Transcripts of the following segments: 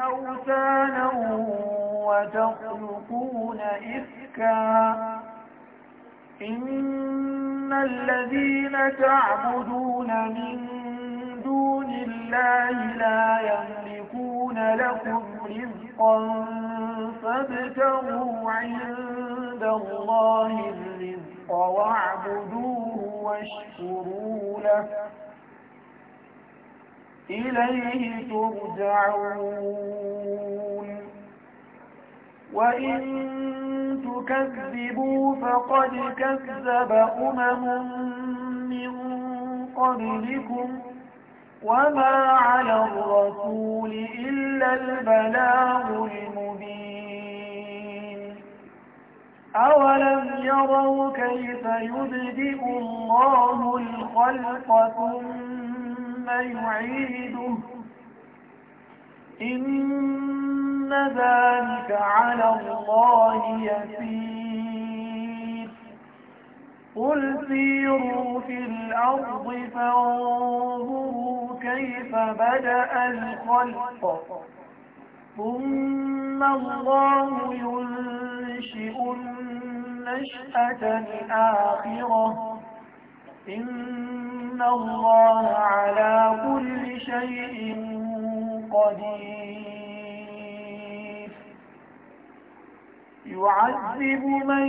أوثانا وتخلقون إفكا إن الذين تعبدون من دون الله لا يملكون لكم رزقا فابتغوا عند الله الرزق واعبدوه واشكروا له إليه ترجعون وإن تكذبوا فقد كذب أمم من قبلكم وما على الرسول إلا البلاغ المبين أولم يروا كيف يبدئ الله الخلق ثم يعيده إن ذلك على الله يسير قل سيروا في الأرض فانظروا كيف بدأ الخلق ثم الله ينشئ النشأة الآخرة إن الله على كل شيء قدير يعذب من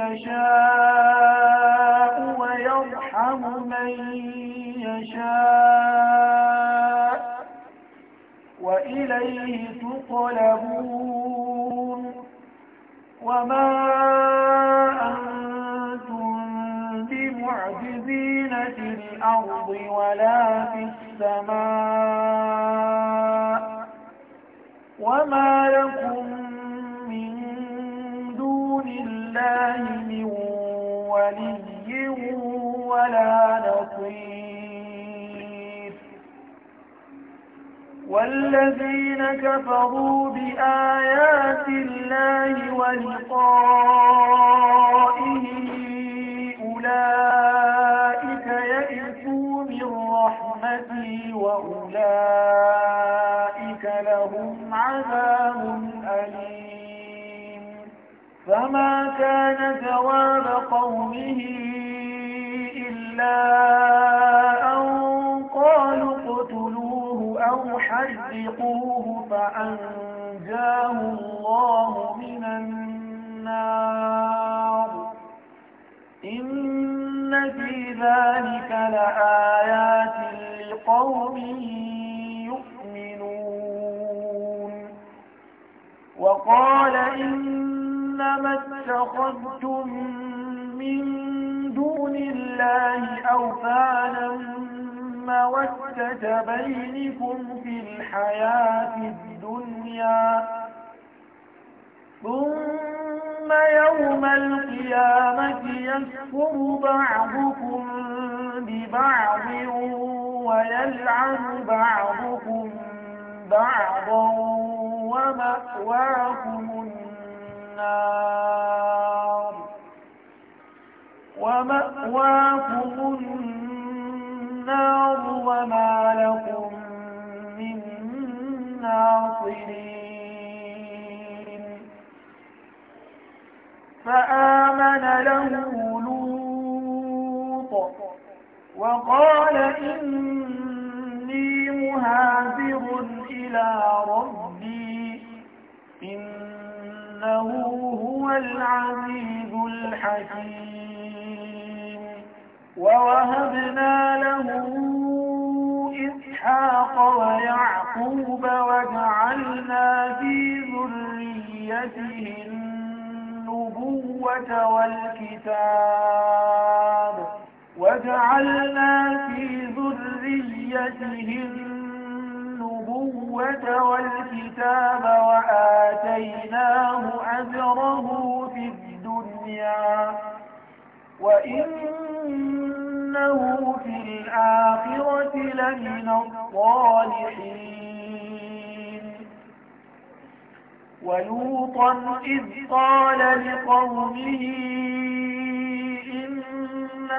يشاء ويرحم من يشاء وإليه تقلبون وما الأرض ولا في السماء وما لكم من دون الله من ولي ولا نصير والذين كفروا بآيات الله ولقائه أولئك وأولئك لهم عذاب أليم فما كان جواب قومه إلا أن قالوا اقتلوه أو حذقوه فأنجاه الله من النار إن في ذلك لآيات لقوم يؤمنون وقال إنما اتخذتم من دون الله أوثانا مودة بينكم في الحياة الدنيا ثم يوم القيامة يكفر بعضكم ببعض ويلعن بعضكم بعضا ومأواكم النار ومأواكم النار وما لكم من ناصرين فآمن له وقال إني مهاجر إلى ربي إنه هو العزيز الحكيم ووهبنا له إسحاق ويعقوب وجعلنا في ذريته النبوة والكتاب وجعلنا في ذريته النبوة والكتاب وآتيناه أجره في الدنيا وإنه في الآخرة لمن الصالحين ولوطا إذ قال لقومه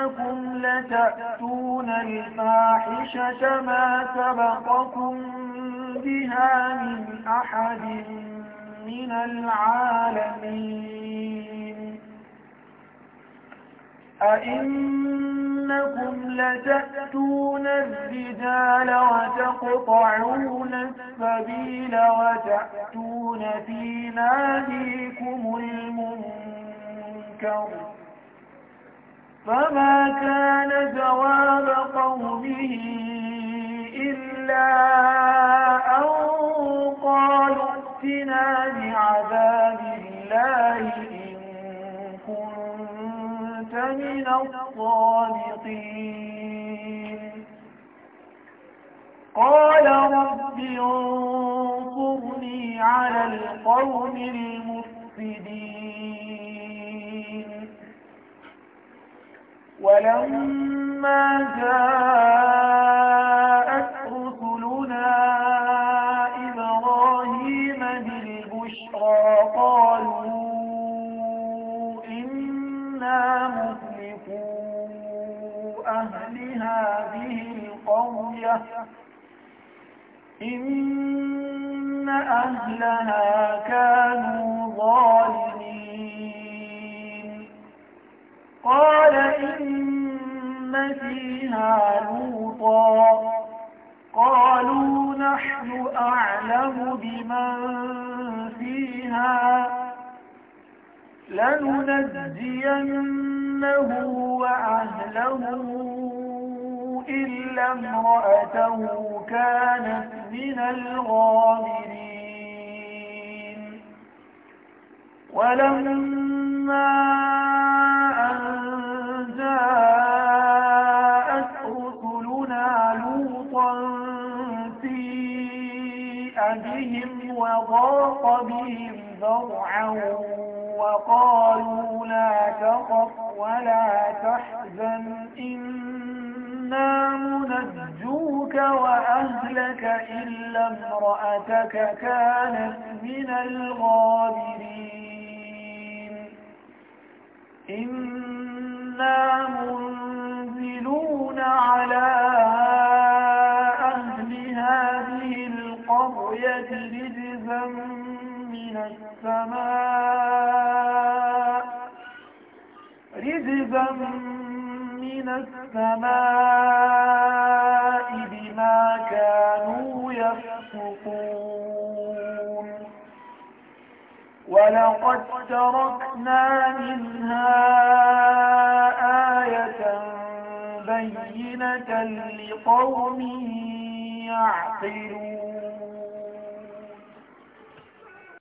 إنكم لتأتون الفاحشة ما سبقكم بها من أحد من العالمين أئنكم لتأتون الرجال وتقطعون السبيل وتأتون في ناديكم المنكر فما كان جواب قومه إلا أن قالوا ائتنا بعذاب الله إن كنت من الصادقين قال رب انصرني على القوم المفسدين ولما جاءت رسلنا إبراهيم بالبشرى قالوا إنا إن أهلها كانوا إن فيها لوطا قالوا نحن أعلم بمن فيها لننجينه وأهله إلا امرأته كانت من الغابرين ولما فَضَاقَ بِهِمْ ذَرْعًا وَقَالُوا لَا تَخَفْ وَلَا تَحْزَنْ إِنَّا مُنَجُّوكَ وَأَهْلَكَ إِلَّا امْرَأَتَكَ كَانَتْ مِنَ الْغَابِرِينَ السماء رزقا من السماء بما كانوا يفسقون ولقد تركنا منها آية بينة لقوم يعقلون